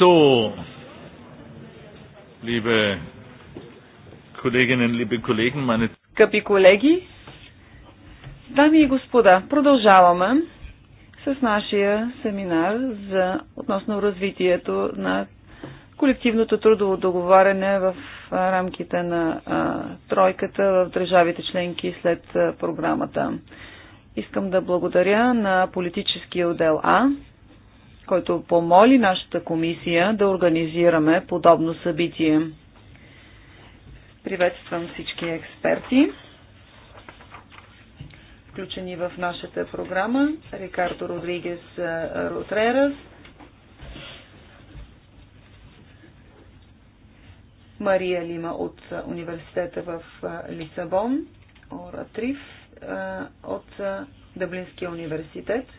So, liebe Kolleginnen, liebe Kollegen, meine Скъпи колеги, дами и господа, продължаваме с нашия семинар за относно развитието на колективното трудово договаряне в рамките на а, тройката в държавите членки след а, програмата. Искам да благодаря на политическия отдел А, който помоли нашата комисия да организираме подобно събитие. Приветствам всички експерти, включени в нашата програма. Рикардо Родригес Ротрерас, Мария Лима от университета в Лисабон, Ора Триф от Дъблинския университет –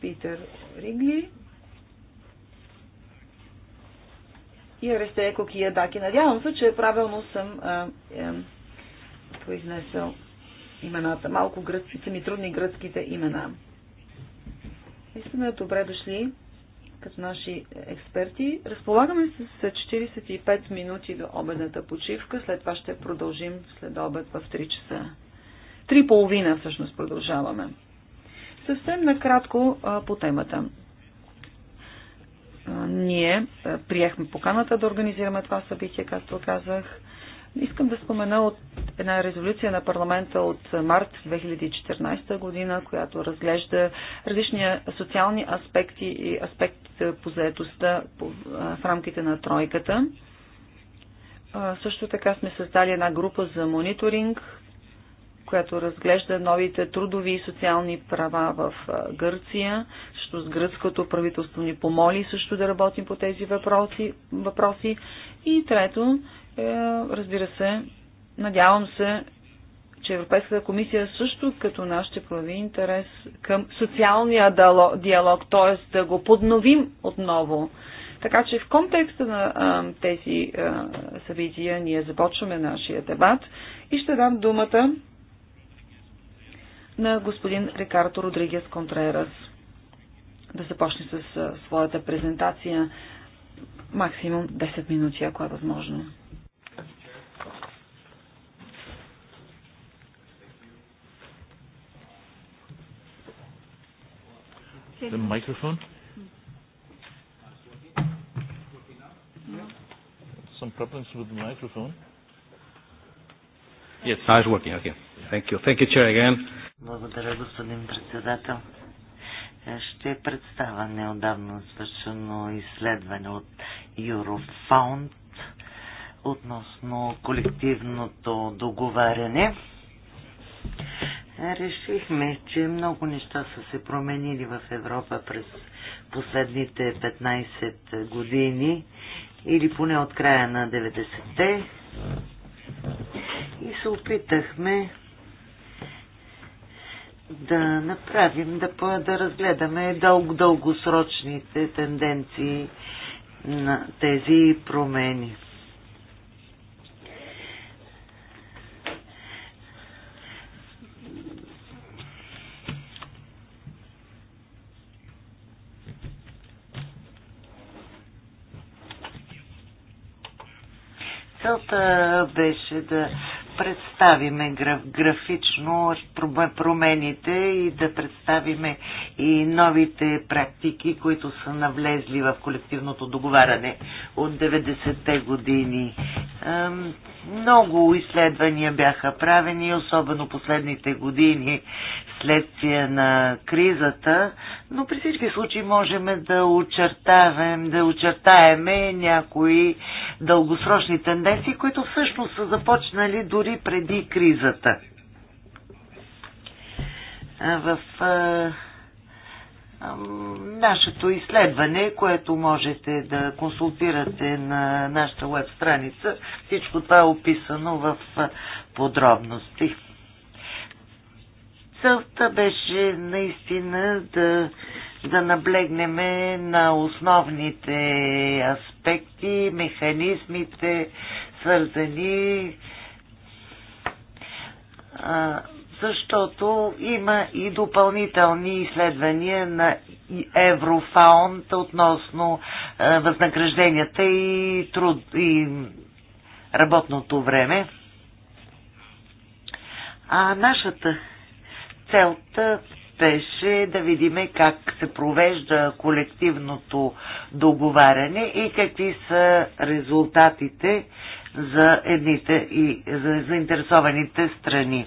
Питър Ригли и Аресте Кокия Даки. Надявам се, че правилно съм а, е, произнесъл имената. Малко гръцки, са ми трудни гръцките имена. Искаме добре дошли като наши експерти. Разполагаме с 45 минути до обедната почивка. След това ще продължим след обед в 3 часа. 3.30 всъщност продължаваме. Съвсем накратко по темата. Ние приехме поканата да организираме това събитие, както казах. Искам да спомена от една резолюция на парламента от март 2014 година, която разглежда различни социални аспекти и аспект по заедостта в рамките на тройката. Също така сме създали една група за мониторинг която разглежда новите трудови и социални права в Гърция. Също с гръцкото правителство ни помоли също да работим по тези въпроси. въпроси. И трето, е, разбира се, надявам се, че Европейската комисия също като нас ще прояви интерес към социалния диалог, т.е. да го подновим отново. Така че в контекста на а, тези а, събития ние започваме нашия дебат и ще дам думата на господин Рикардо Родригес Контрерас да започне с своята презентация максимум 10 минути, ако е възможно. The microphone? Some problems with the microphone? Yes, now it's working. Okay. Thank you. Thank you, Chair, again. Благодаря, господин председател. Е, ще представя неодавно свършено изследване от Eurofound относно колективното договаряне. Е, решихме, че много неща са се променили в Европа през последните 15 години или поне от края на 90-те и се опитахме да направим, да, да разгледаме дълго дългосрочните тенденции на тези промени. Целта беше да представиме граф, графично промените и да представиме и новите практики, които са навлезли в колективното договаряне от 90-те години много изследвания бяха правени, особено последните години следствие на кризата, но при всички случаи можем да очертаем, да очертаеме някои дългосрочни тенденции, които всъщност са започнали дори преди кризата. В нашето изследване, което можете да консултирате на нашата веб страница. Всичко това е описано в подробности. Целта беше наистина да, да наблегнем на основните аспекти, механизмите, свързани а, защото има и допълнителни изследвания на Еврофаунд относно е, възнагражденията и, труд, и работното време. А нашата целта беше да видим как се провежда колективното договаряне и какви са резултатите за едните и за заинтересованите страни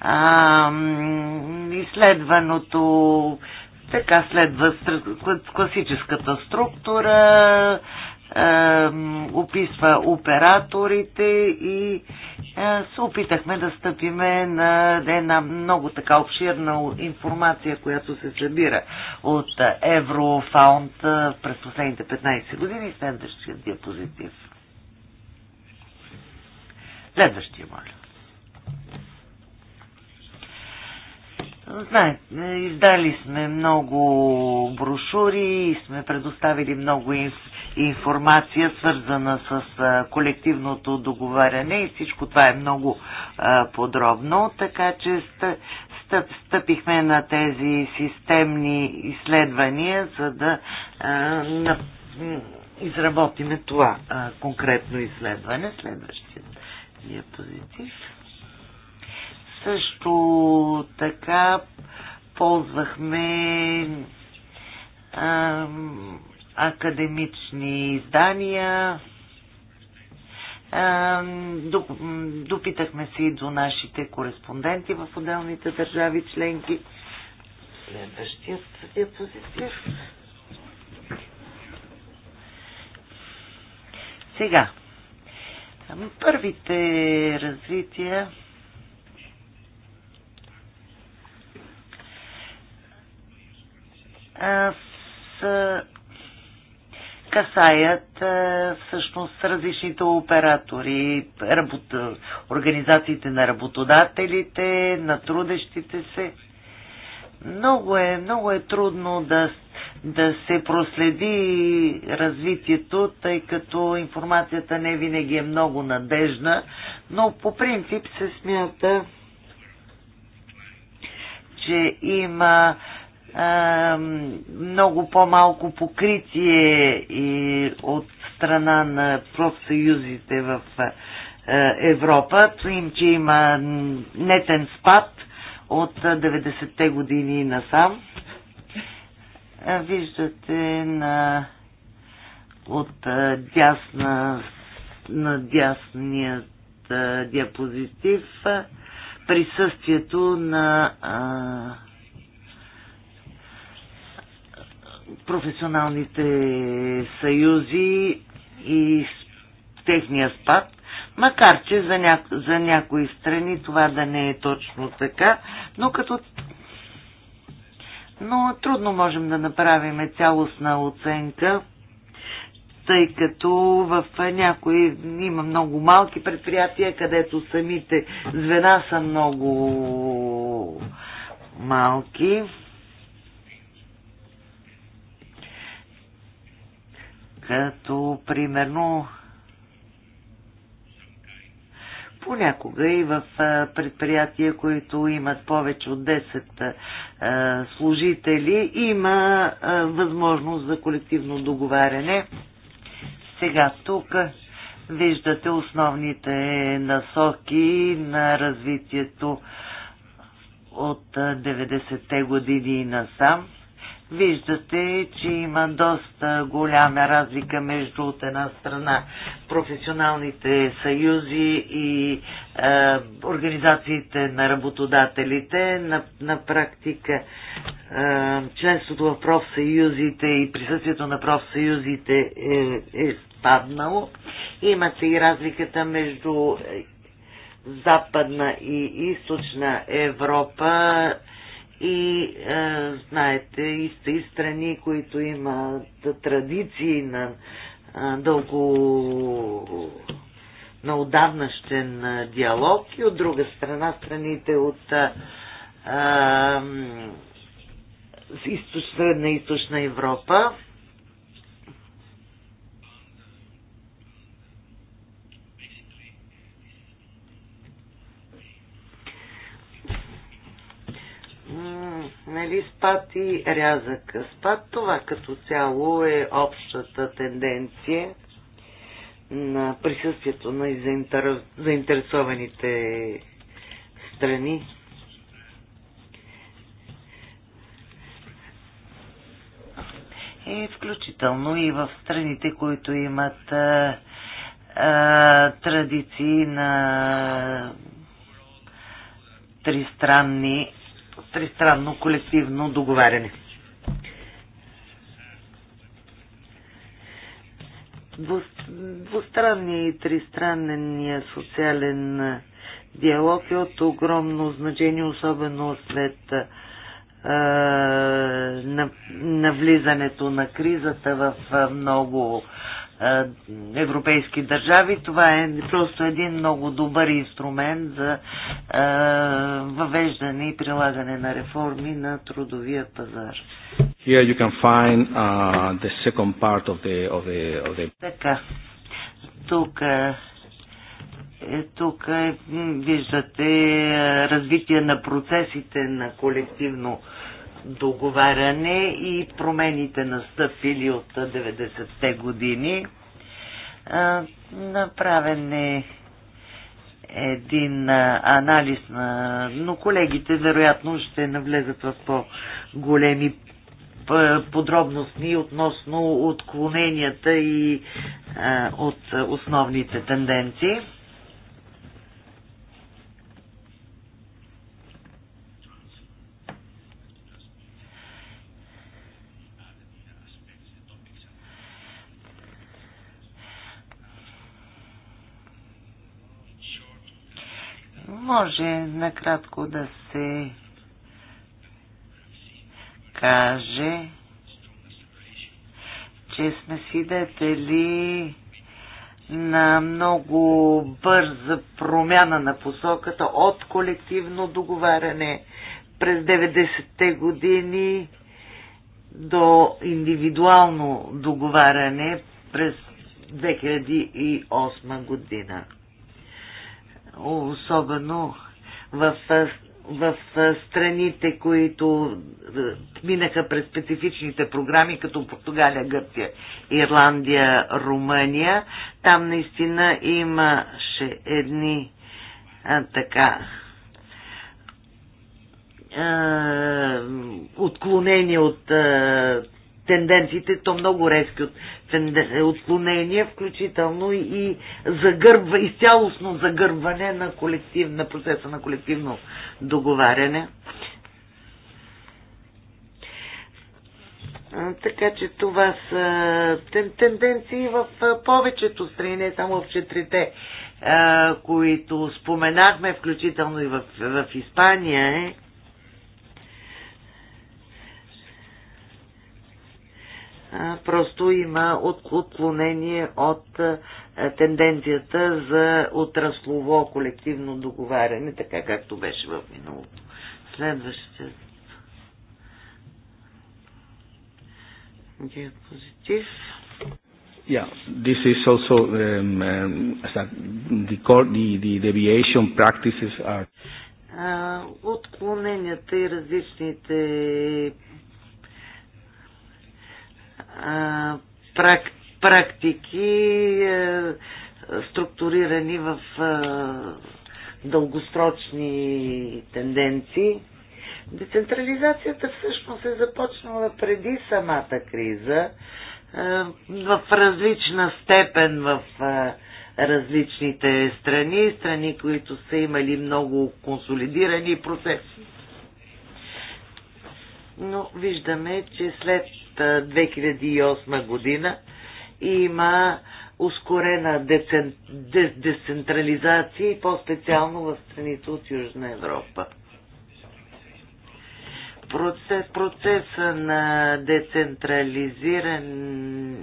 а, изследваното, така следва класическата структура, а, описва операторите и а, се опитахме да стъпиме на една много така обширна информация, която се събира от Еврофаунд през последните 15 години. Следващия диапозитив. Следващия, моля. Знаете, издали сме много брошури и сме предоставили много информация, свързана с колективното договаряне и всичко това е много подробно, така че стъп, стъпихме на тези системни изследвания, за да на, изработиме това конкретно изследване. Следващия диапозитив. Също така ползвахме а, академични издания. А, допитахме се и до нашите кореспонденти в отделните държави членки. Следващият диапозитив. Сега, първите развития с, касаят всъщност различните оператори, работа, организациите на работодателите, на трудещите се. Много е, много е трудно да, да се проследи развитието, тъй като информацията не винаги е много надежна, но по принцип се смята, че има много по-малко покритие и от страна на профсъюзите в Европа, им, че има нетен спад от 90-те години насам. Виждате на от дясна на дясният диапозитив присъствието на професионалните съюзи и техния спад, макар че за, ня... за някои страни това да не е точно така, но като но трудно можем да направим цялостна оценка, тъй като в някои има много малки предприятия, където самите звена са много малки. Като примерно понякога и в предприятия, които имат повече от 10 служители, има възможност за колективно договаряне. Сега тук виждате основните насоки на развитието от 90-те години насам. Виждате, че има доста голяма разлика между от една страна професионалните съюзи и е, организациите на работодателите. На, на практика е, членството в профсъюзите и присъствието на профсъюзите е, е спаднало. Имате и разликата между е, Западна и Източна Европа. Е, и е, знаете, и, и страни, които имат традиции на е, дълго на отдавнащен е, диалог и от друга страна страните от е, е, източна, на източна Европа. нали, спад и рязък спад. Това като цяло е общата тенденция на присъствието на заинтер... заинтересованите страни. И е, включително и в страните, които имат а, а, традиции на тристранни тристранно колективно договаряне. Двустранния и тристранния социален диалог е от огромно значение, особено след навлизането на кризата в много европейски държави. Това е просто един много добър инструмент за въвеждане и прилагане на реформи на трудовия пазар. Here you can find uh, the second part of the, of the, of the... Така. Тук е, тук е, виждате развитие на процесите на колективно договаряне и промените настъпили от 90-те години. Направен е един анализ на... Но колегите вероятно ще навлезат в по-големи подробности относно отклоненията и от основните тенденции. може накратко да се каже, че сме свидетели на много бърза промяна на посоката от колективно договаряне през 90-те години до индивидуално договаряне през 2008 година особено в, в страните, които минаха през специфичните програми, като Португалия, Гърция, Ирландия, Румъния. Там наистина имаше едни а, така отклонение от тенденциите, то много резки от, отклонения, включително и загърбва, и цялостно загърбване на, колектив, на процеса на колективно договаряне. Така че това са тенденции в повечето страни, не само в четирите, които споменахме, включително и в, в Испания. Е. просто има отклонение от тенденцията за отраслово колективно договаряне, така както беше в миналото. Следващия диапозитив. Yeah, this is also um, um, the, the, the deviation practices are. Отклоненията и различните прак, практики, е, структурирани в е, дългосрочни тенденции. Децентрализацията всъщност е започнала преди самата криза, е, в различна степен в различните страни, страни, които са имали много консолидирани процеси. Но виждаме, че след 2008 година има ускорена децен... децентрализация и по-специално в страните от Южна Европа. Процес, процеса на децентрализиране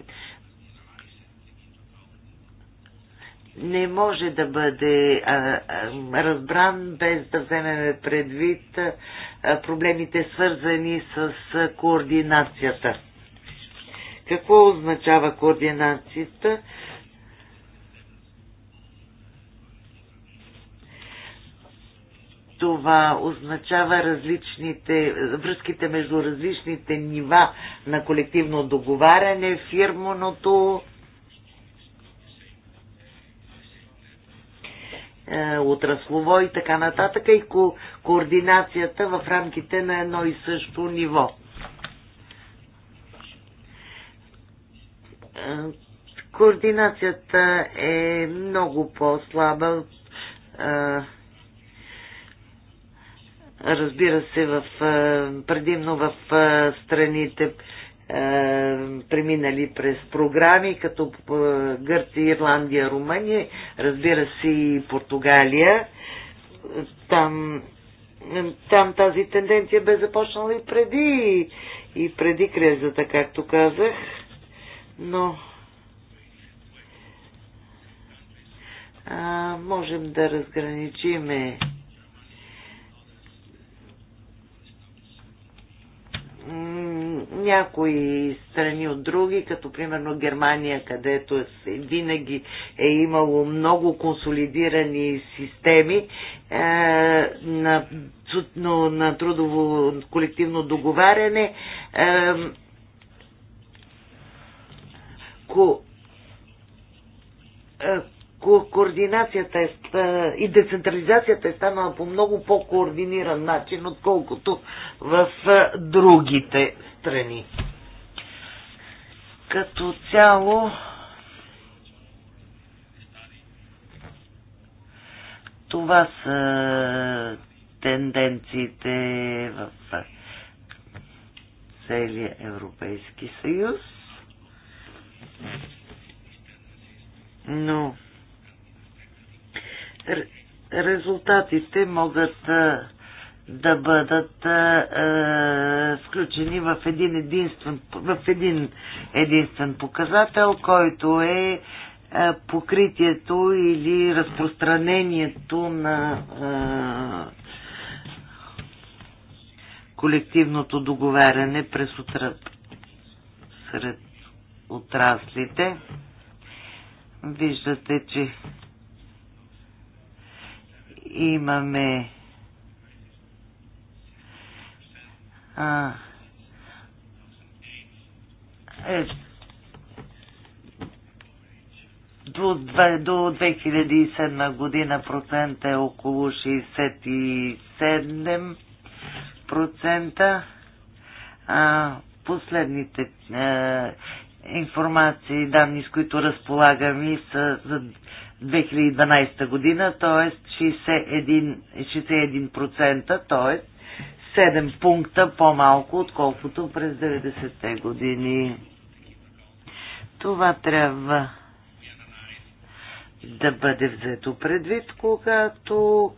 не може да бъде а, а, разбран без да вземем предвид а, проблемите свързани с а, координацията. Какво означава координацията? това означава различните, връзките между различните нива на колективно договаряне, фирмоното, Е, отраслово и така нататък и ко- координацията в рамките на едно и също ниво. Е, координацията е много по-слаба. Е, разбира се, в, предимно в страните е, преминали през програми като е, Гърция, Ирландия, Румъния, разбира се и Португалия. Там, е, там тази тенденция бе започнала и преди, и преди кризата, както казах, но а, можем да разграничиме някои страни от други, като примерно Германия, където е винаги е имало много консолидирани системи е, на, но, на трудово колективно договаряне, е, ко, е, ко- координацията е, и децентрализацията е станала по много по-координиран начин, отколкото в другите страни. Като цяло, това са тенденциите в целия Европейски съюз. Но резултатите могат да бъдат включени в един единствен, в един единствен показател, който е, покритието или разпространението на колективното договаряне през утра, сред отраслите. Виждате, че имаме а, е, до, до 2007 година процента е около 67 процента. А, последните е, информации, данни, с които разполагаме, са за 2012 година, т.е. 61%, 61% т.е. 7 пункта по-малко, отколкото през 90-те години. Това трябва да бъде взето предвид, когато е,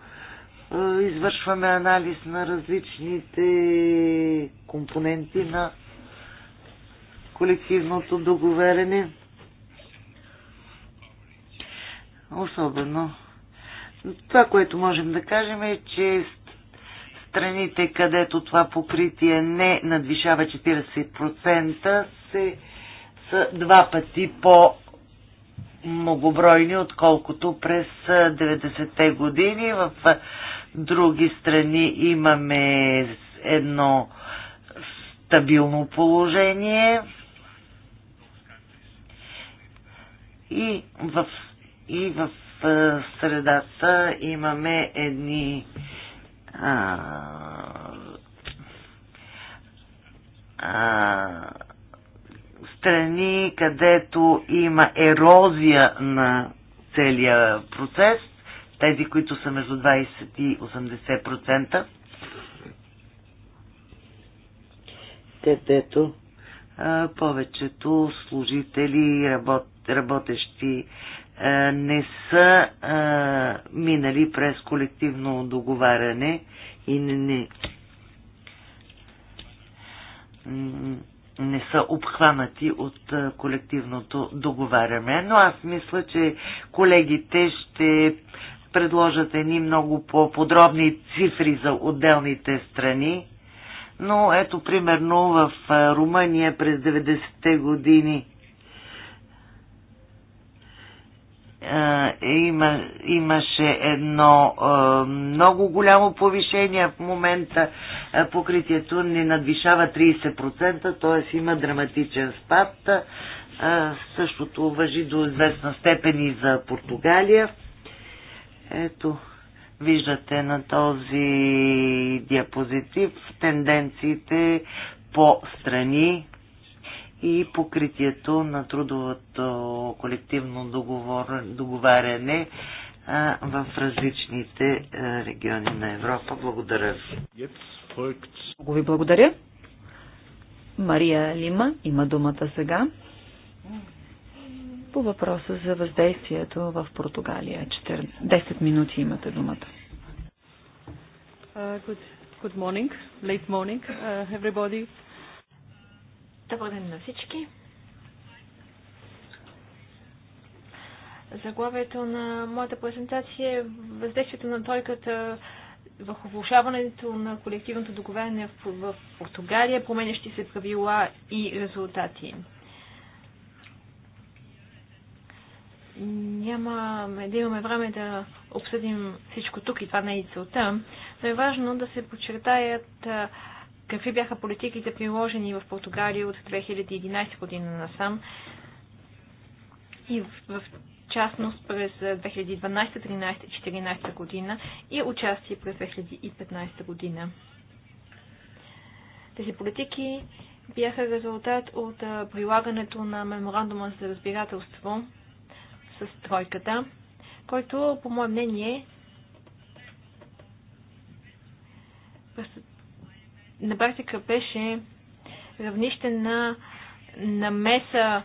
извършваме анализ на различните компоненти на колективното договорене особено. Това, което можем да кажем е, че страните, където това покритие не надвишава 40%, се, са два пъти по многобройни, отколкото през 90-те години. В други страни имаме едно стабилно положение. И в и в средата имаме едни а, а, страни, където има ерозия на целия процес, тези, които са между 20 и 80%, където а, повечето служители, работ, работещи е, не са а, е, минали през колективно договаряне и не, не, не са обхванати от е, колективното договаряне. Но аз мисля, че колегите ще предложат едни много по-подробни цифри за отделните страни. Но ето, примерно, в Румъния през 90-те години има, имаше едно много голямо повишение. В момента покритието не надвишава 30%, т.е. има драматичен спад. същото въжи до известна степен и за Португалия. Ето, виждате на този диапозитив тенденциите по страни и покритието на трудовото колективно договор, договаряне а, в различните а, региони на Европа. Благодаря ви. Много ви благодаря. Мария Лима има думата сега по въпроса за въздействието в Португалия. 14, 10 минути имате думата. Uh, good, good morning, late morning, uh, everybody. Добър ден на всички. Заглавието на моята презентация е въздействието на тройката върху влушаването на колективното договаряне в Португалия, променящи се правила и резултати. няма да имаме време да обсъдим всичко тук и това не е и целта, но е важно да се подчертаят какви бяха политиките приложени в Португалия от 2011 година насам и в, в частност през 2012, 2013 2014 година и участие през 2015 година. Тези политики бяха резултат от прилагането на меморандума за разбирателство с тройката, който, по мое мнение, на практика беше равнище на намеса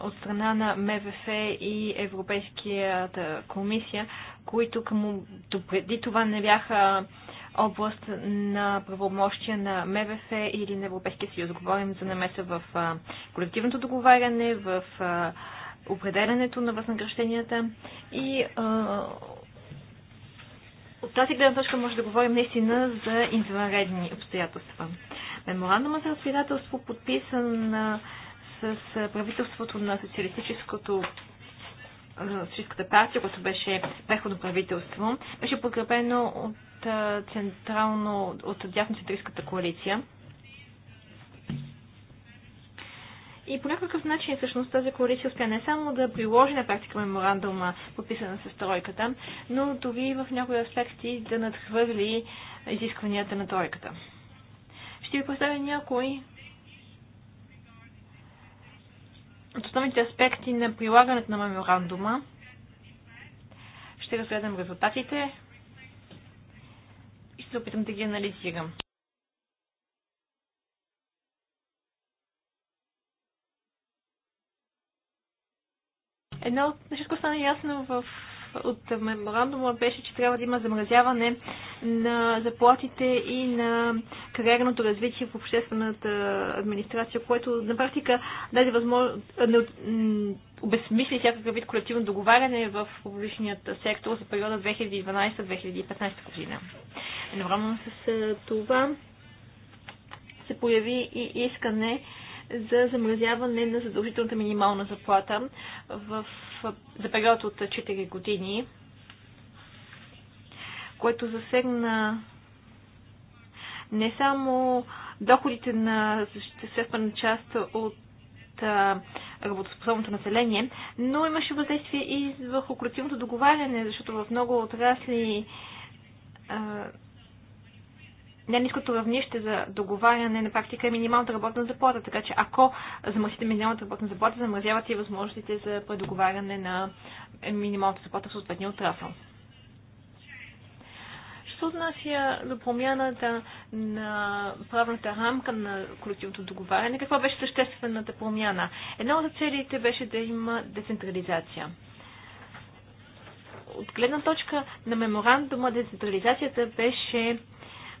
от страна на МВФ и Европейската комисия, които към преди това не бяха област на правомощия на МВФ или на Европейския съюз. Говорим за намеса в колективното договаряне, в определенето на възнагражденията и а, от тази гледна точка може да говорим наистина за извънредни обстоятелства. Меморандума за разбирателство, подписан с правителството на социалистическото Социалистическата партия, което беше преходно правителство, беше подкрепено от централно, от дясно-центристската коалиция. И по някакъв начин всъщност тази коалиция успя не само да приложи на практика меморандума, подписана с тройката, но дори в някои аспекти да надхвърли изискванията на тройката. Ще ви представя някои от основните аспекти на прилагането на меморандума. Ще разгледам резултатите и ще се опитам да ги анализирам. Едно от всичко стана ясно в от меморандума беше, че трябва да има замразяване на заплатите и на кариерното развитие в обществената администрация, което на практика даде възможност, обезмисли всякакъв вид колективно договаряне в публичният сектор за периода 2012-2015 година. Едновременно с това се появи и искане за замразяване на задължителната минимална заплата в, за период от 4 години, което засегна не само доходите на съществена част от работоспособното население, но имаше въздействие и върху колективното договаряне, защото в много отрасли а, най-низкото равнище за договаряне на практика е минималната работна заплата, така че ако замърсите минималната работна заплата, замразявате и възможностите за предоговаряне на минималната заплата в съответния отрасъл Що отнася до промяната на правната рамка на колективното договаряне, каква беше съществената промяна? Една от целите беше да има децентрализация. От гледна точка на меморандума децентрализацията беше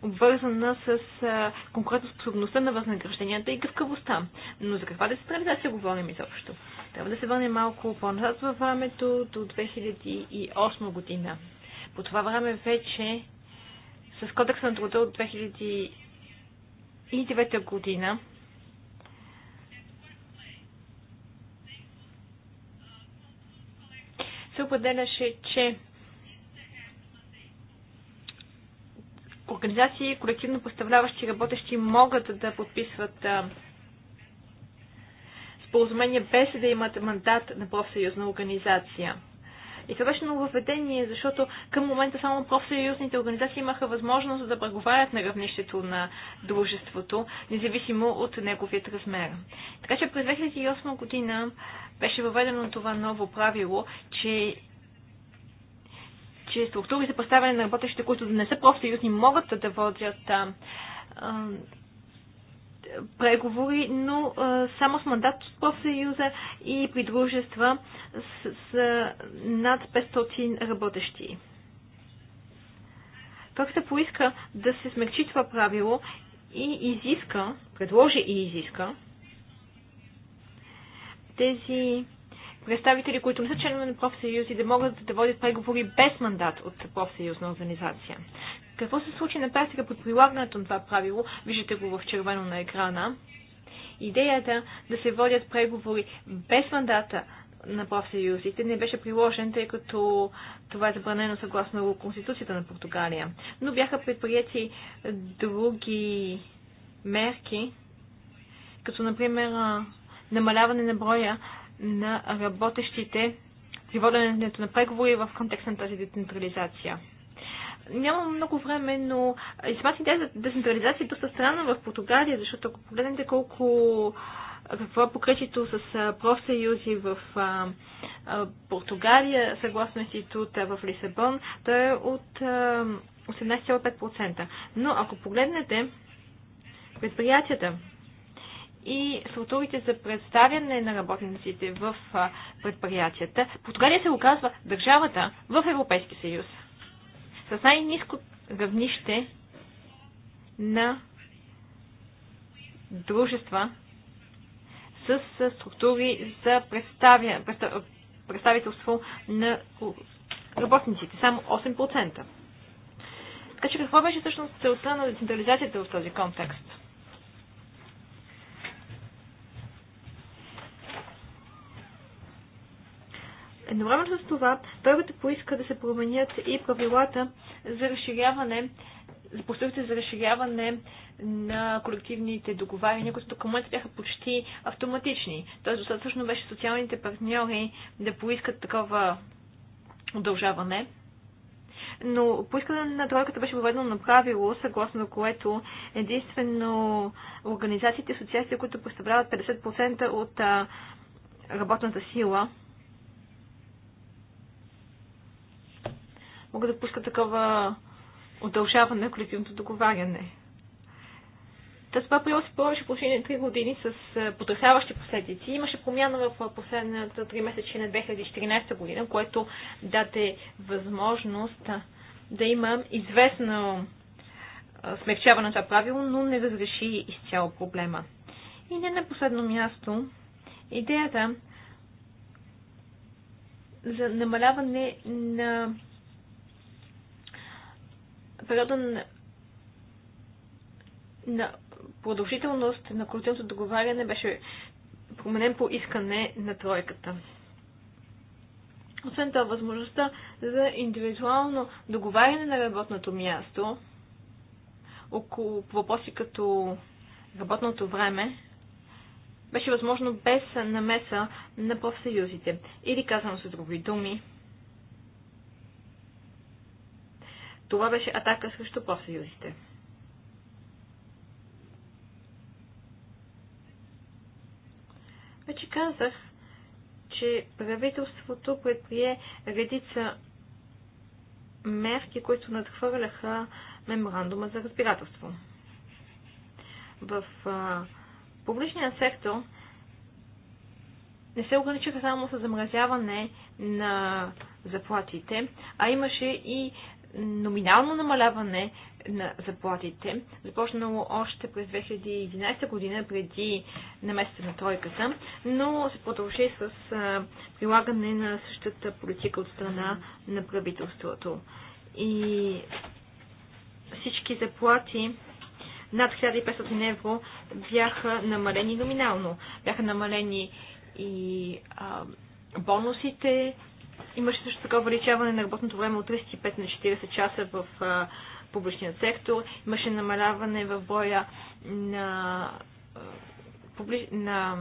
обвързана с конкурентоспособността на възнагражденията и гъвкавостта. Но за каква децентрализация говорим изобщо? Трябва да се върнем малко по-назад във времето до 2008 година. По това време вече с кодекса на труда от 2009 година се определяше, че организации, колективно поставляващи работещи, могат да подписват споразумения без да имат мандат на профсъюзна организация. И това беше нововведение, защото към момента само профсъюзните организации имаха възможност да преговарят на равнището на дружеството, независимо от неговият размер. Така че през 2008 година беше въведено това ново правило, че че структури за представяне на работещите, които не са профсъюзни, могат да водят а, а, преговори, но а, само с мандат от профсъюза и при дружества с, с над 500 работещи. Как се поиска да се смекчи това правило и изиска, предложи и изиска тези представители, които не са членове на профсъюзи, да могат да водят преговори без мандат от профсъюзна организация. Какво се случи на практика под прилагането на това правило, виждате го в червено на екрана. Идеята да се водят преговори без мандата на профсъюзите не беше приложен, тъй като това е забранено съгласно Конституцията на Португалия. Но бяха предприяти други мерки, като например намаляване на броя на работещите при воденето на преговори в контекст на тази децентрализация. Нямам много време, но и сама си за децентрализация е доста странна в Португалия, защото ако погледнете колко какво е покритието с профсъюзи в а, а, Португалия, съгласно института в Лисабон, то е от 18,5%. Но ако погледнете предприятията, и структурите за представяне на работниците в предприятията, Португалия се оказва държавата в Европейския съюз с най-низко равнище на дружества с структури за представя, представителство на работниците. Само 8%. Така че какво беше всъщност целта на децентрализацията в този контекст? Едновременно с това, първата поиска да се променят и правилата за разширяване, за процедурите за разширяване на колективните договаряния, които към момента бяха почти автоматични. Тоест достатъчно беше социалните партньори да поискат такова удължаване. Но поискане на тройката беше въведено на правило, съгласно което единствено организациите и асоциациите, които представляват 50% от работната сила, могат да пускат такова удължаване на колективното договаряне. Та това приема се повече последните 3 години с е, потрясаващи последици. Имаше промяна в е, последната 3 месече на 2014 година, което даде възможност е, да има известно смягчаване на това правило, но не разреши изцяло проблема. И не на последно място, идеята за намаляване на периода на, на продължителност на колективното договаряне беше променен по искане на тройката. Освен това, възможността за индивидуално договаряне на работното място около въпроси като работното време беше възможно без намеса на профсъюзите. Или казано с други думи, Това беше атака срещу профсъюзите. Вече казах, че правителството предприе редица мерки, които надхвърляха меморандума за разбирателство. В а, публичния сектор не се ограничиха само с замразяване на заплатите, а имаше и номинално намаляване на заплатите, започнало още през 2011 година, преди намесата на тройката, но се продължи с прилагане на същата политика от страна на правителството. И всички заплати над 1500 евро бяха намалени номинално. Бяха намалени и а, бонусите, Имаше също така увеличаване на работното време от 35 на 40 часа в публичният сектор. Имаше намаляване в боя на, на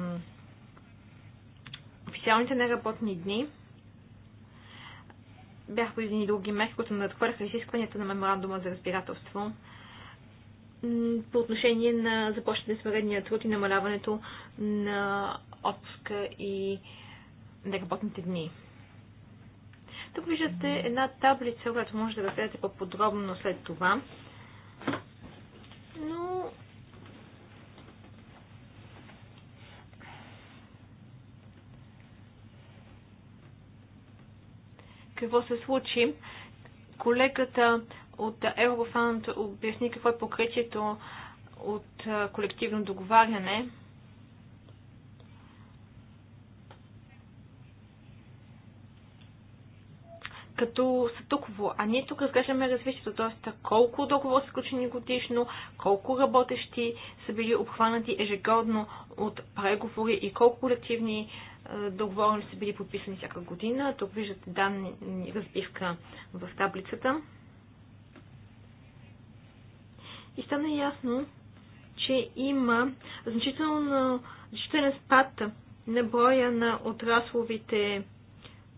официалните неработни дни. Бяха предвидени други мерки, които надхвърляха изискванията на меморандума за разбирателство по отношение на започване с вредния труд и намаляването на отпуска и неработните дни. Тук виждате една таблица, която може да разгледате по-подробно след това. Но какво се случи. Колегата от Еврофанд обясни какво е покритието от колективно договаряне. като са съдоково, а ние тук разглеждаме развитието, т.е. колко договора са сключени годишно, колко работещи са били обхванати ежегодно от преговори и колко колективни е, договорни са били подписани всяка година. Тук виждате данни разбивка в таблицата. И стана ясно, че има значително, значителен спад на броя на отрасловите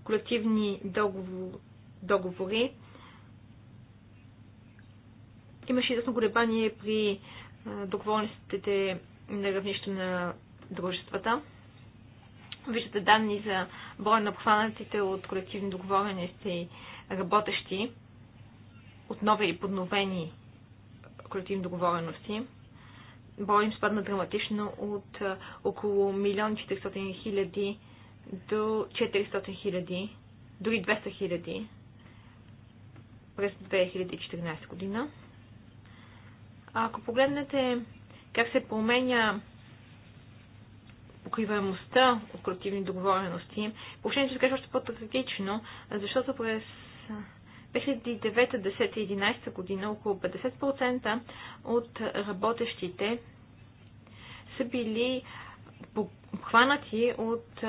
колективни договори договори. Имаше известно колебание при договорностите на равнище на дружествата. Виждате данни за броя на обхванатите от колективни договорености работещи от нови и подновени колективни договорености. Броя им спадна драматично от около 1 400 000 до 400 000, дори 200 000 през 2014 година. А ако погледнете как се променя покриваемостта от колективни договорености, положението се каже още по-трагично, защото през 2009, 10 година около 50% от работещите са били хванати от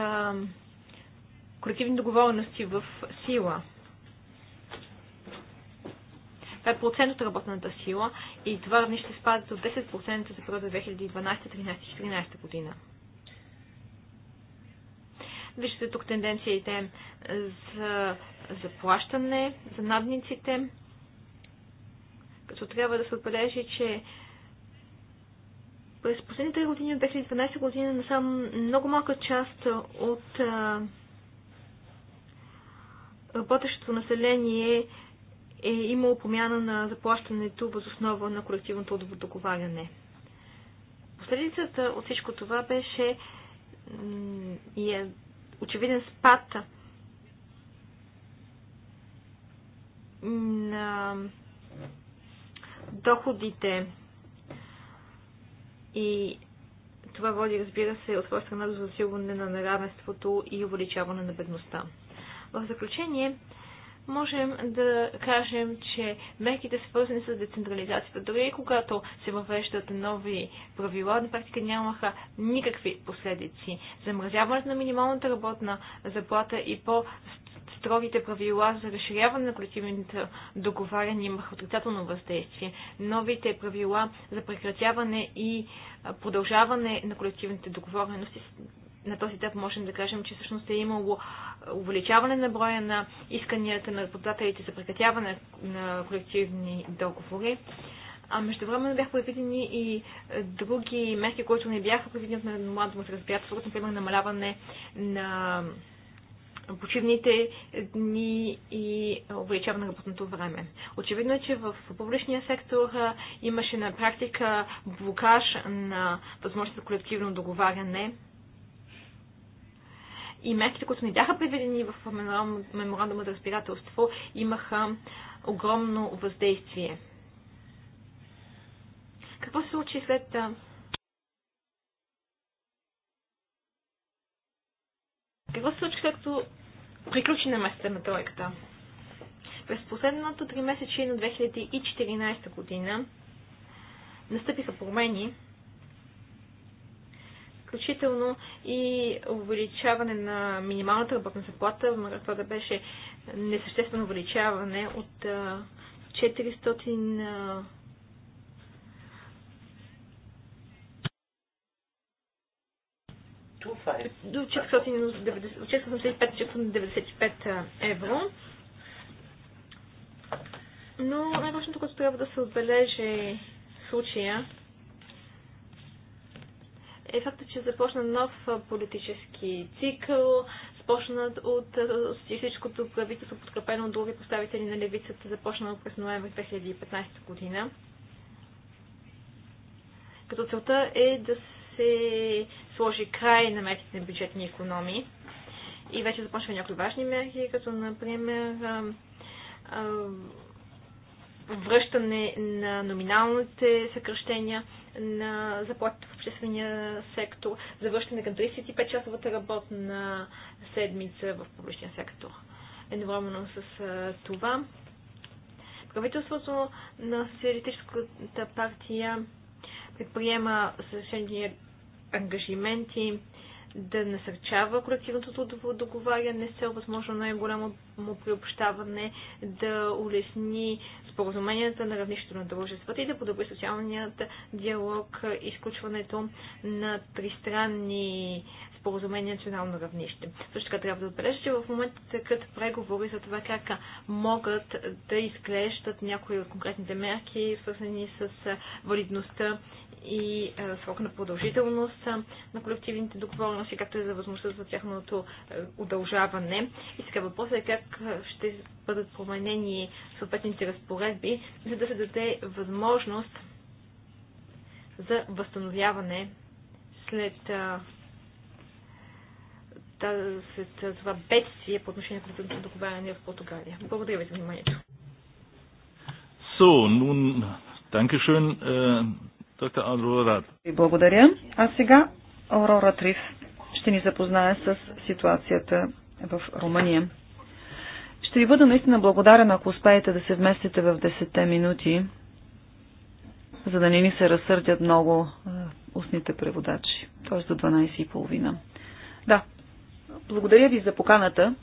колективни договорености в сила – това е процент от работната сила и това равнище спада до 10% за периода 2012-2013-2014 година. Виждате тук тенденциите за заплащане, за надниците, като трябва да се отбележи, че през последните години от 2012 година насам много малка част от работещото население е имало промяна на заплащането въз основа на колективното договаряне. Последицата от всичко това беше е очевиден спад на доходите и това води, разбира се, от своя страна до засилване на неравенството и увеличаване на бедността. В заключение, можем да кажем, че мерките са свързани с децентрализацията. Дори когато се въвеждат нови правила, на практика нямаха никакви последици. Замразяването на минималната работна заплата и по строгите правила за разширяване на колективните договаряния имаха отрицателно въздействие. Новите правила за прекратяване и продължаване на колективните договорености на този етап можем да кажем, че всъщност е имало увеличаване на броя на исканията на работодателите за прекратяване на колективни договори. А между време бяха предвидени и е, други мерки, които не бяха предвидени на младото му разбирателство, например намаляване на почивните дни и е, увеличаване на работното време. Очевидно е, че в публичния сектор е, имаше на практика блокаж на възможност за колективно договаряне и мерките, които не бяха предвидени в меморандума за разбирателство, имаха огромно въздействие. Какво се случи след Какво се случи, както приключи на месеца на тройката? През последното три месече на 2014 година настъпиха промени, включително и увеличаване на минималната работна заплата, макар това да беше несъществено увеличаване от 400 до 495 евро. Но най-важното, което трябва да се отбележи е случая, е факта, че започна нов политически цикъл, започнат от социалистическото правителство, подкрепено от други представители на левицата, започнало през ноември 2015 година. Като целта е да се сложи край на мерките на бюджетни економии и вече започва някои важни мерки, като например връщане на номиналните съкръщения на заплатите обществения сектор, завършване към 35-часовата работна седмица в публичния сектор. Едновременно с това, правителството на Социалистическата партия предприема съвършени ангажименти да насърчава колективното договаряне с цел възможно най-голямо му приобщаване, да улесни споразуменията на равнището на дружествата и да подобри социалният диалог, изключването на тристранни споразумения национално равнище. Също така трябва да отбележа, че в момента тъкат преговори за това как могат да изглеждат някои от конкретните мерки, свързани с валидността и е, срока на продължителност е, на колективните договорности, както и за възможността за тяхното е, удължаване. И сега въпросът е как ще бъдат променени съответните разпоредби, за да се даде възможност за възстановяване след, след това бедствие по отношение на колективното договаряне в Португалия. Благодаря ви за вниманието. So, nun, schön. Äh, ви благодаря. А сега Аурора Триф ще ни запознае с ситуацията в Румъния. Ще ви бъда наистина благодарен, ако успеете да се вместите в 10 минути, за да не ни се разсърдят много устните преводачи, т.е. до 12.30. Да, благодаря ви за поканата,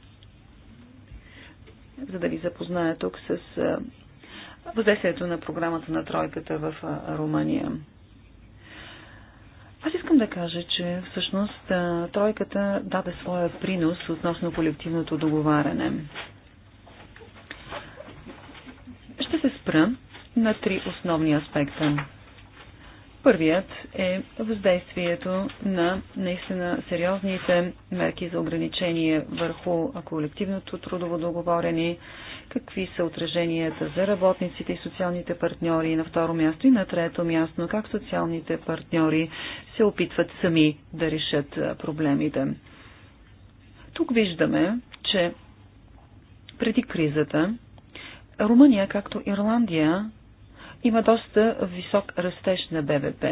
за да ви запозная тук с въздействието на програмата на тройката в Румъния. Аз искам да кажа, че всъщност тройката даде своя принос относно колективното договаряне. Ще се спра на три основни аспекта. Първият е въздействието на наистина сериозните мерки за ограничение върху колективното трудово договорене, какви са отраженията за работниците и социалните партньори на второ място и на трето място, как социалните партньори се опитват сами да решат проблемите. Тук виждаме, че преди кризата Румъния, както Ирландия, има доста висок растеж на БВП,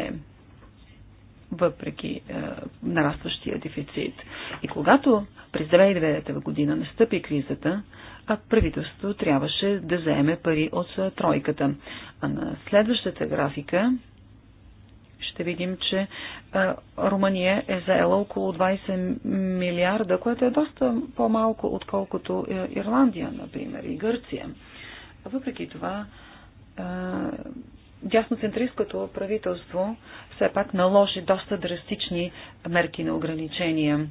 въпреки е, нарастващия дефицит. И когато през 2009 година настъпи кризата, а правителството трябваше да заеме пари от е, тройката. А на следващата графика ще видим, че а, е, Румъния е заела около 20 милиарда, което е доста по-малко, отколкото е, Ирландия, например, и Гърция. Въпреки това, дясноцентристското правителство все пак наложи доста драстични мерки на ограничения.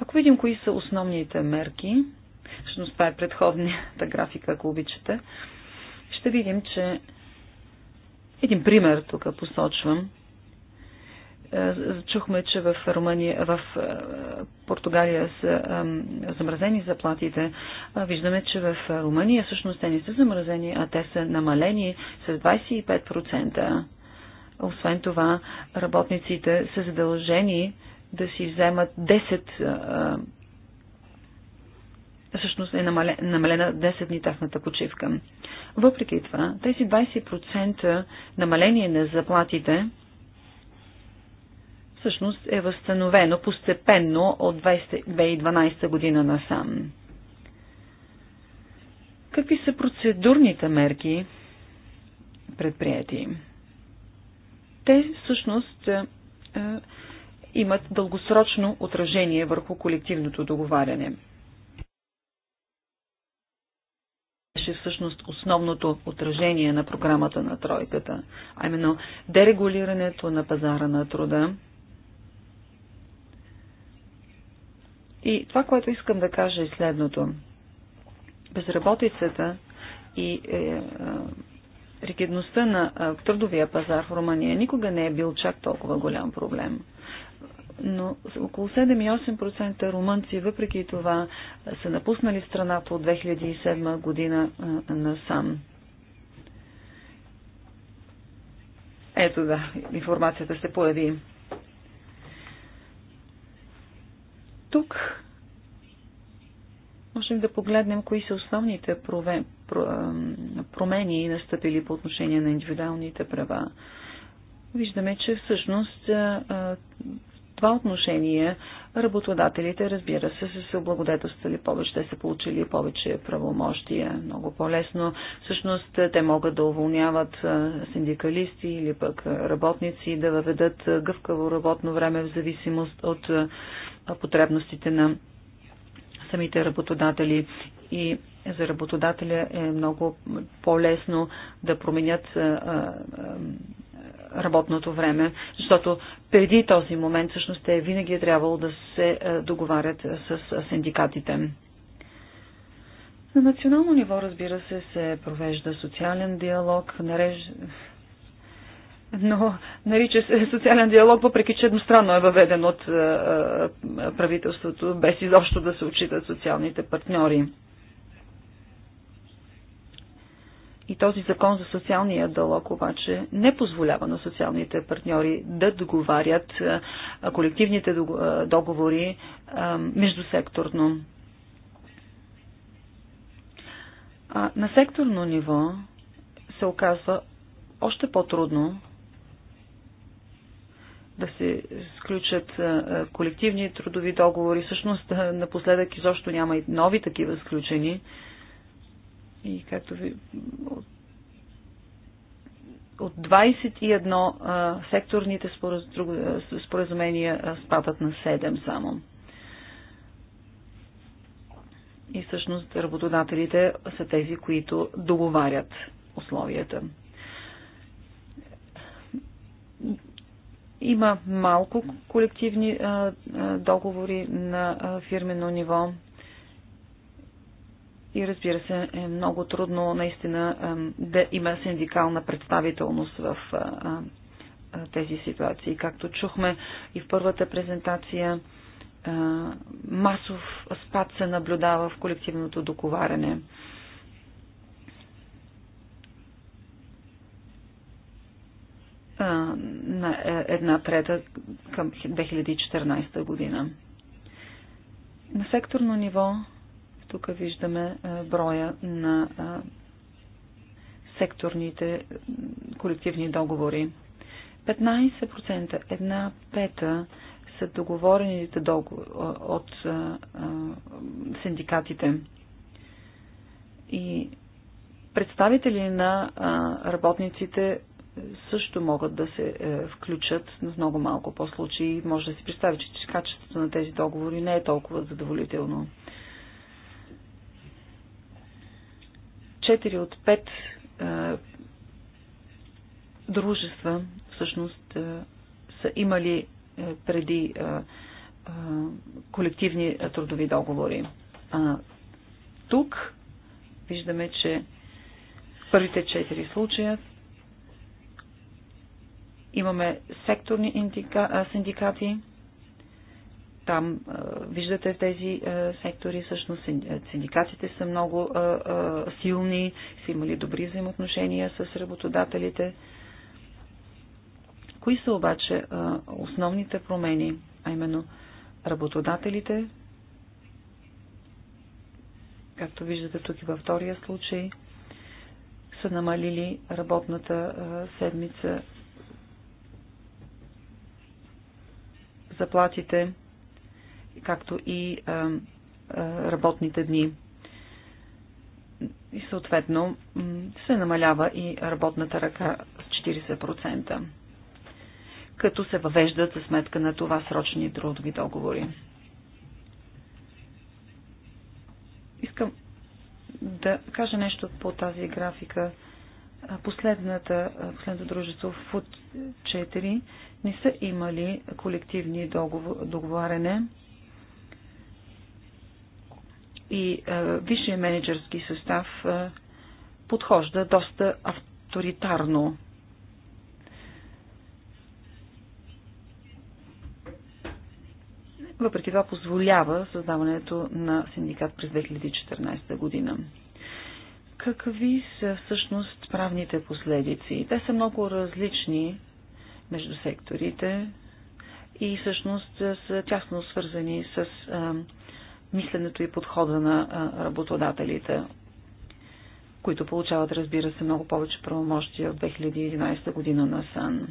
Ако видим кои са основните мерки, всъщност това е предходната графика, ако обичате, ще видим, че един пример тук посочвам. Чухме, че в, Румъния, в е, Португалия са замразени заплатите. Виждаме, че в Румъния всъщност те не са замразени, а те са намалени с 25%. Освен това, работниците са задължени да си вземат 10 всъщност е намалена 10 дни тяхната почивка. Въпреки това, тези 20% намаление на заплатите всъщност е възстановено постепенно от 2012 година насам. Какви са процедурните мерки предприяти? Те всъщност е, е, имат дългосрочно отражение върху колективното договаряне. беше всъщност основното отражение на програмата на тройката, а именно дерегулирането на пазара на труда И това, което искам да кажа е следното. Безработицата и е, е, ригидността на е, трудовия пазар в Румъния никога не е бил чак толкова голям проблем. Но около 7-8% румънци, въпреки това, са напуснали страната от 2007 година е, насам. Ето да, информацията се появи. Тук можем да погледнем кои са основните промени настъпили по отношение на индивидуалните права. Виждаме, че всъщност това отношение работодателите, разбира се, са се облагодетелствали повече, те са получили повече правомощия, много по-лесно. Всъщност те могат да уволняват синдикалисти или пък работници, да въведат гъвкаво работно време в зависимост от потребностите на самите работодатели и за работодателя е много по-лесно да променят работното време, защото преди този момент всъщност те винаги е трябвало да се е, договарят е, с е, синдикатите. На национално ниво, разбира се, се провежда социален диалог, нареж... но нарича се социален диалог, въпреки че едностранно е въведен от правителството, без изобщо да се отчитат социалните партньори. И този закон за социалния дълъг обаче не позволява на социалните партньори да договарят колективните договори междусекторно. А на секторно ниво се оказва още по-трудно да се сключат колективни трудови договори. Всъщност напоследък изобщо няма и нови такива сключени. И както ви от 21 а, секторните споразумения а, спадат на 7 само. И всъщност работодателите са тези, които договарят условията. Има малко колективни а, договори на фирмено ниво и разбира се, е много трудно наистина да има синдикална представителност в тези ситуации. Както чухме и в първата презентация, масов спад се наблюдава в колективното договаряне. на е, една трета към 2014 година. На секторно ниво тук виждаме е, броя на е, секторните колективни договори. 15%, една пета са договорените договори от е, синдикатите. И представители на работниците също могат да се включат, в много малко по-случаи може да си представи, че качеството на тези договори не е толкова задоволително. Четири от пет дружества всъщност са имали е, преди колективни трудови договори. А, тук виждаме, че първите четири случая имаме секторни синдикати, там виждате в тези сектори всъщност синдикатите са много силни, са имали добри взаимоотношения с работодателите. Кои са обаче основните промени, а именно работодателите, както виждате тук и във втория случай, са намалили работната седмица, заплатите както и работните дни. И съответно се намалява и работната ръка с 40%, като се въвеждат за сметка на това срочни трудови договори. Искам да кажа нещо по тази графика. Последната, последното дружество Food 4 не са имали колективни договор, договаряне и висшия менеджерски състав подхожда доста авторитарно. Въпреки това позволява създаването на синдикат през 2014 година. Какви са всъщност правните последици? Те са много различни между секторите и всъщност са тясно свързани с мисленето и подхода на работодателите, които получават, разбира се, много повече правомощия от 2011 година на САН.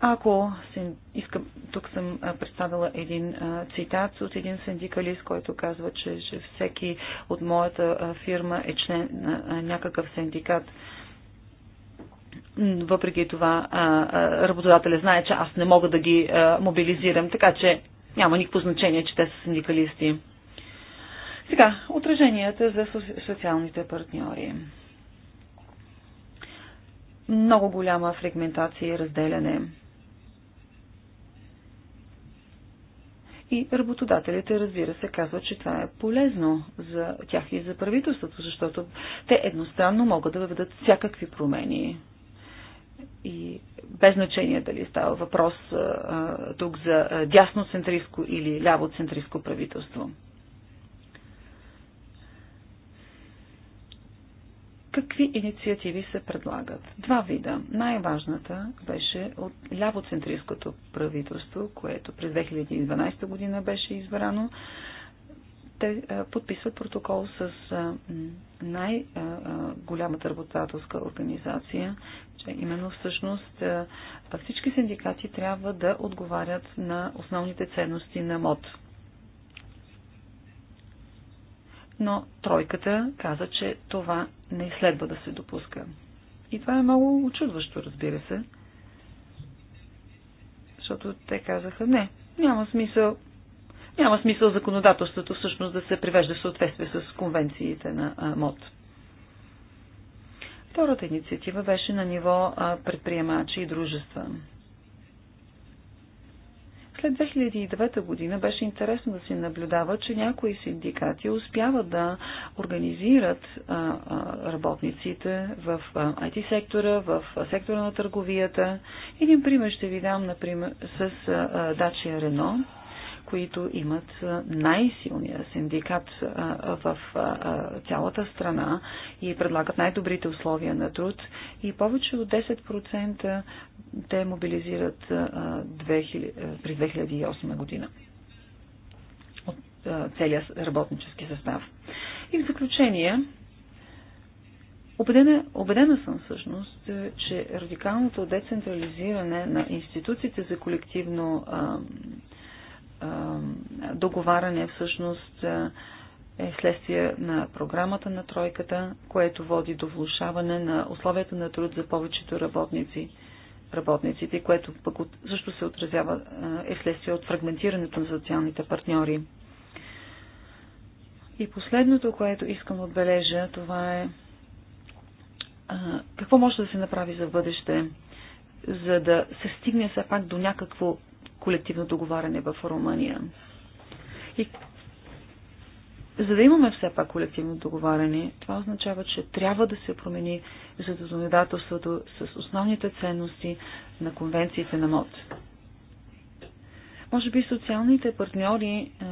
Ако искам, тук съм представила един а, цитат от един синдикалист, който казва, че, че всеки от моята а, фирма е член на някакъв синдикат. Въпреки това работодателя знае, че аз не мога да ги мобилизирам, така че няма никакво значение, че те са синдикалисти. Сега, отраженията за социалните партньори. Много голяма фрагментация и разделяне. И работодателите, разбира се, казват, че това е полезно за тях и за правителството, защото те едностранно могат да въведат всякакви промени и без значение дали става въпрос а, тук за дясноцентристско или лявоцентристско правителство. Какви инициативи се предлагат? Два вида. Най-важната беше от лявоцентристското правителство, което през 2012 година беше избрано те е, подписват протокол с е, най-голямата е, работодателска организация, че именно всъщност всички синдикати трябва да отговарят на основните ценности на МОД. Но тройката каза, че това не следва да се допуска. И това е много очудващо, разбира се. Защото те казаха, не, няма смисъл няма смисъл законодателството всъщност да се привежда в съответствие с конвенциите на МОД. Втората инициатива беше на ниво предприемачи и дружества. След 2009 година беше интересно да се наблюдава, че някои синдикати успяват да организират работниците в IT сектора, в сектора на търговията. Един пример ще ви дам, например, с Дачия Рено които имат най-силния синдикат в цялата страна и предлагат най-добрите условия на труд и повече от 10% те мобилизират при 2008 година от целия работнически състав. И в заключение, Обедена, обедена съм всъщност, че радикалното децентрализиране на институциите за колективно а, договаряне всъщност е следствие на програмата на тройката, което води до влушаване на условията на труд за повечето работници, работниците, което пък също се отразява е следствие от фрагментирането на социалните партньори. И последното, което искам да отбележа, това е какво може да се направи за бъдеще, за да се стигне все пак до някакво колективно договаряне в Румъния. И за да имаме все пак колективно договаряне, това означава, че трябва да се промени законодателството с основните ценности на конвенциите на МОД. Може би социалните партньори а,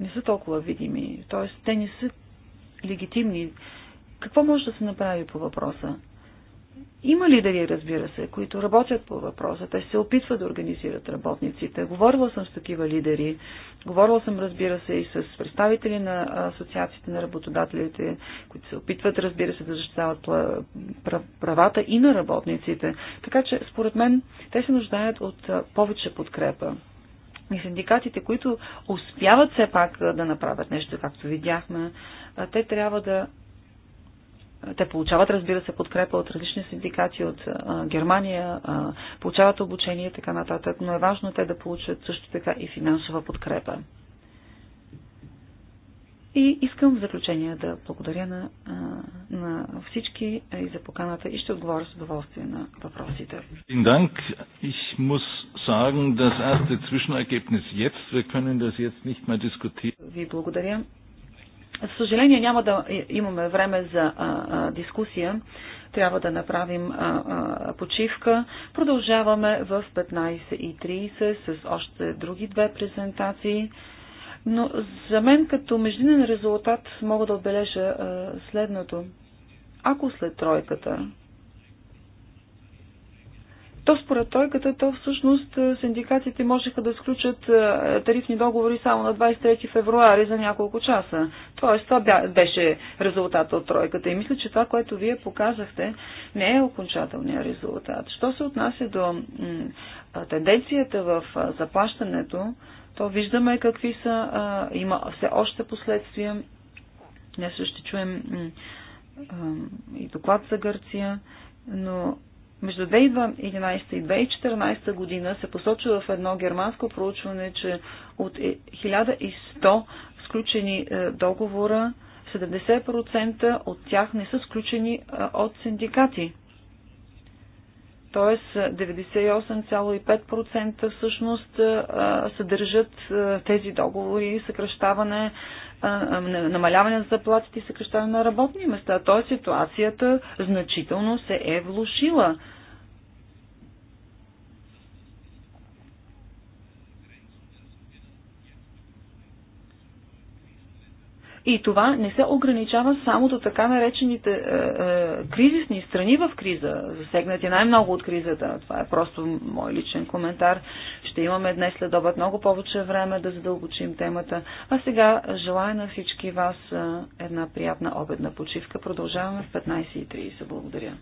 не са толкова видими, т.е. те не са легитимни. Какво може да се направи по въпроса? има лидери, разбира се, които работят по въпроса. Те се опитват да организират работниците. Говорила съм с такива лидери. Говорила съм, разбира се, и с представители на асоциациите на работодателите, които се опитват, разбира се, да защитават правата и на работниците. Така че, според мен, те се нуждаят от повече подкрепа. И синдикатите, които успяват все пак да направят нещо, както видяхме, те трябва да те получават, разбира се, подкрепа от различни синдикати от а, Германия, а, получават обучение и така нататък, но е важно те да получат също така и финансова подкрепа. И искам в заключение да благодаря на, а, на всички и за поканата и ще отговоря с удоволствие на въпросите. Ви благодаря. За съжаление няма да имаме време за а, а, дискусия. Трябва да направим а, а, почивка. Продължаваме в 15.30 с още други две презентации. Но за мен като междинен резултат мога да отбележа а, следното. Ако след тройката то според като то всъщност е, синдикатите можеха да сключат е, тарифни договори само на 23 февруари за няколко часа. Тоест, това беше резултата от тройката. И мисля, че това, което вие показахте, не е окончателният резултат. Що се отнася до тенденцията в заплащането, то виждаме какви са, има все още последствия. Днес ще чуем и доклад за Гърция, но между 2011 и 2014 година се посочва в едно германско проучване, че от 1100 е, сключени е, договора, 70% от тях не са сключени е, от синдикати. Тоест 98,5% всъщност съдържат тези договори съкръщаване намаляване на заплатите и съкрещане на работни места. Тоест ситуацията значително се е влушила. И това не се ограничава само до така наречените е, е, кризисни страни в криза, засегнати най-много от кризата. Това е просто мой личен коментар. Ще имаме днес след обед много повече време да задълбочим темата. А сега желая на всички вас е, една приятна обедна почивка. Продължаваме в 15.30. Благодаря.